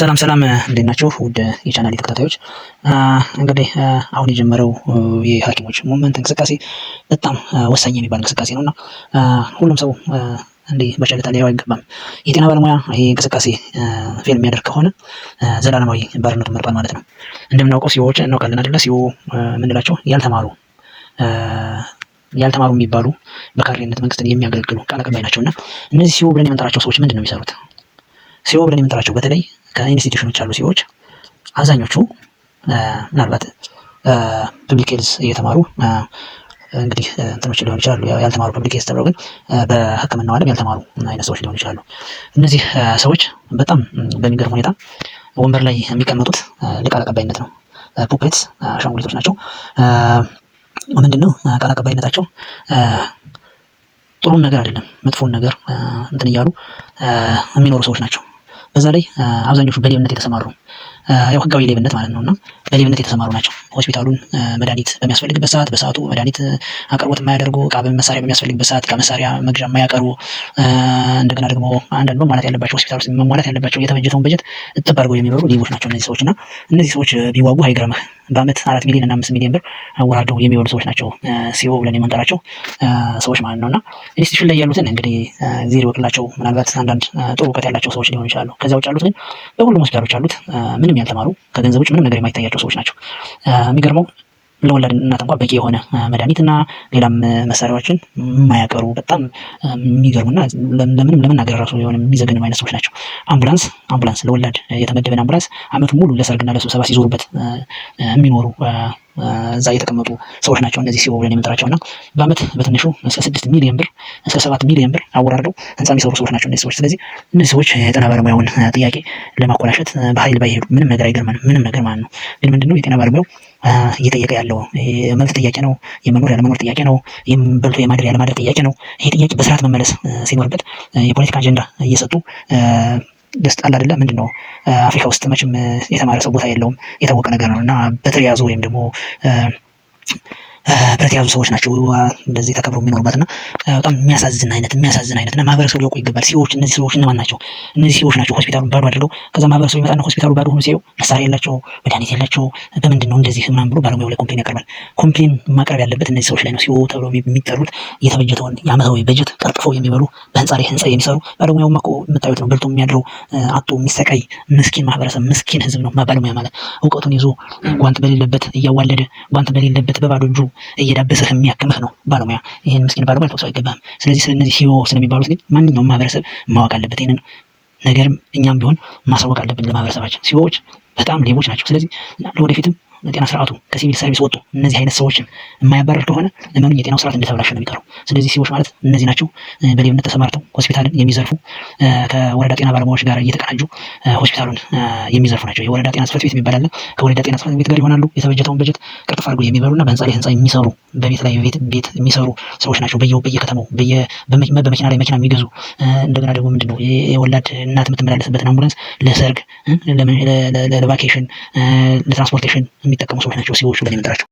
ሰላም ሰላም እንዴት ናቸው ውድ የቻናል ተከታታዮች። እንግዲህ አሁን የጀመረው የሀኪሞች ሙመንት እንቅስቃሴ በጣም ወሳኝ የሚባል እንቅስቃሴ ነው እና ሁሉም ሰው እንዲህ በቸልታ ሊያየው አይገባም። የጤና ባለሙያ ይህ እንቅስቃሴ ፌል የሚያደርግ ከሆነ ዘላለማዊ ባርነት መርጧል ማለት ነው። እንደምናውቀው ሲዎች እናውቃለን አደለ? ሲዎ የምንላቸው ያልተማሩ ያልተማሩ የሚባሉ በካሬነት መንግስትን የሚያገለግሉ ቃል አቀባይ ናቸው እና እነዚህ ሲዎ ብለን የምንጠራቸው ሰዎች ምንድን ነው የሚሰሩት? ሲዮ ብለን የምንጠራቸው በተለይ ከኢንስቲቱሽኖች ያሉ ሲዎች አብዛኞቹ ምናልባት ፐብሊክ ሄልዝ እየተማሩ እንግዲህ እንትኖች ሊሆን ይችላሉ። ያልተማሩ ፐብሊክ ሄልዝ ተብለው ግን በሕክምናው ዓለም ያልተማሩ አይነት ሰዎች ሊሆን ይችላሉ። እነዚህ ሰዎች በጣም በሚገርም ሁኔታ ወንበር ላይ የሚቀመጡት ለቃል አቀባይነት ነው። ፑፔትስ አሻንጉሊቶች ናቸው። ምንድን ነው ቃል አቀባይነታቸው? ጥሩን ነገር አይደለም መጥፎን ነገር እንትን እያሉ የሚኖሩ ሰዎች ናቸው። በዛ ላይ አብዛኞቹ በሌብነት የተሰማሩ ያው ህጋዊ ሌብነት ማለት ነው እና በሌብነት የተሰማሩ ናቸው። ሆስፒታሉን መድኃኒት በሚያስፈልግበት ሰዓት በሰዓቱ መድኃኒት አቅርቦት የማያደርጉ እቃ መሳሪያ በሚያስፈልግበት ሰዓት ከመሳሪያ መግዣ የማያቀሩ እንደገና ደግሞ አንዳንድ መሟላት ያለባቸው ሆስፒታል ውስጥ መሟላት ያለባቸው የተበጀተውን በጀት እጥብ አድርገው የሚበሩ ሌቦች ናቸው እነዚህ ሰዎች እና እነዚህ ሰዎች ቢዋጉ አይገርምህ። በአመት አራት ሚሊዮን እና አምስት ሚሊዮን ብር አወራደው የሚበሉ ሰዎች ናቸው ሲኦ ብለን የምንጠራቸው ሰዎች ማለት ነው። እና ኢንስቲትዩሽን ላይ ያሉትን እንግዲህ ዜሮ ይወቅላቸው ምናልባት አንዳንድ ጥሩ እውቀት ያላቸው ሰዎች ሊሆኑ ይችላሉ። ከዚያ ውጭ ያሉት ግን በሁሉም ሆስፒታሎች ያሉት ምንም ያልተማሩ ከገንዘብ ውጭ ምንም ነገር የማይታያቸው ሰዎች ናቸው። የሚገርመው ለወላድ እናት እንኳን በቂ የሆነ እና ሌላም መሳሪያዎችን የማያቀሩ በጣም የሚገርሙና ለምንም ለመናገር ራሱ የሆነ የሚዘገንም አይነት ሰዎች ናቸው። አምቡላንስ አምቡላንስ ለወላድ የተመደበን አምቡላንስ አመቱ ሙሉ ለሰርግና ለስብሰባ ሲዞሩበት የሚኖሩ እዛ የተቀመጡ ሰዎች ናቸው እነዚህ ሲኦ ብለን የምንጠራቸው እና በአመት በትንሹ እስከ ስድስት ሚሊዮን ብር እስከ ሰባት ሚሊዮን ብር አወራርደው ህንፃ የሚሰሩ ሰዎች ናቸው እነዚህ ሰዎች። ስለዚህ እነዚህ ሰዎች የጤና ባለሙያውን ጥያቄ ለማኮላሸት በሀይል ባይሄዱ ምንም ነገር አይገርመንም፣ ምንም ነገር ማለት ነው። ግን ምንድነው የጤና ባለሙያው እየጠየቀ ያለው መብት ጥያቄ ነው። የመኖር ያለመኖር ጥያቄ ነው። በልቶ የማደር ያለማደር ጥያቄ ነው። ይሄ ጥያቄ በስርዓት መመለስ ሲኖርበት የፖለቲካ አጀንዳ እየሰጡ ደስጣ አለ አይደለ ምንድነው? አፍሪካ ውስጥ መቼም የተማረ ሰው ቦታ የለውም የታወቀ ነገር ነው። እና በተያያዙ ወይም ደግሞ ድፍረት የያዙ ሰዎች ናቸው እንደዚህ ተከብሮ የሚኖሩበት እና በጣም የሚያሳዝን አይነት የሚያሳዝን አይነት እና ማህበረሰቡ ሊያውቁ ይገባል። ሲዎች እነዚህ ሰዎች እነማን ናቸው? እነዚህ ሲዎች ናቸው ሆስፒታሉን ባዶ አድርገው ከዛ ማህበረሰቡ ይመጣና ሆስፒታሉ ባዶ ሆኖ ሲያዩ መሳሪያ የላቸው መድኃኒት የላቸው በምንድን ነው እንደዚህ ምናምን ብሎ ባለሙያው ላይ ኮምፕሌን ያቀርባል። ኮምፕሌን ማቅረብ ያለበት እነዚህ ሰዎች ላይ ነው። ሲ ተብሎ የሚጠሩት የተበጀተውን የአመታዊ በጀት ቀርጥፈው የሚበሉ በህንፃ ላይ ህንፃ የሚሰሩ ባለሙያው እኮ የምታዩት ነው። በልቶ የሚያድረው አቶ የሚሰቃይ ምስኪን ማህበረሰብ ምስኪን ህዝብ ነው ባለሙያ ማለት እውቀቱን ይዞ ጓንት በሌለበት እያዋለደ ጓንት በሌለበት በባዶ እጁ እየዳበሰህ የሚያክምህ ነው ባለሙያ። ይህን ምስኪን ባለሙያ ልትወቅሰው አይገባም። ስለዚህ ስለነዚህ ሲዮ ስለሚባሉት ግን ማንኛውም ማህበረሰብ ማወቅ አለበት። ይህንን ነገርም እኛም ቢሆን ማሳወቅ አለብን ለማህበረሰባችን። ሲዮዎች በጣም ሌቦች ናቸው። ስለዚህ ለወደፊትም ጤና ስርዓቱ ከሲቪል ሰርቪስ ወጡ እነዚህ አይነት ሰዎችን የማያባረር ከሆነ ለምን የጤናው ስርዓት እንደተበላሸ ነው የሚቀረው። ስለዚህ ሰዎች ማለት እነዚህ ናቸው። በሌብነት ተሰማርተው ሆስፒታልን የሚዘርፉ ከወረዳ ጤና ባለሙያዎች ጋር እየተቀናጁ ሆስፒታሉን የሚዘርፉ ናቸው። የወረዳ ጤና ጽሕፈት ቤት የሚባል አለ። ከወረዳ ጤና ጽሕፈት ቤት ጋር ይሆናሉ። የተበጀተውን በጀት ቅርጥፍ አድርጎ የሚበሉና በህንፃ ላይ ህንፃ የሚሰሩ በቤት ላይ ቤት ቤት የሚሰሩ ሰዎች ናቸው። በየ በየከተማው በመኪና ላይ መኪና የሚገዙ እንደገና ደግሞ ምንድን ነው የወላድ እናት የምትመላለስበትን አምቡላንስ ለሰርግ፣ ለቫኬሽን፣ ለትራንስፖርቴሽን የሚጠቀሙ ሰዎች ናቸው ሲኦዎች ብለን የምንጠራቸው።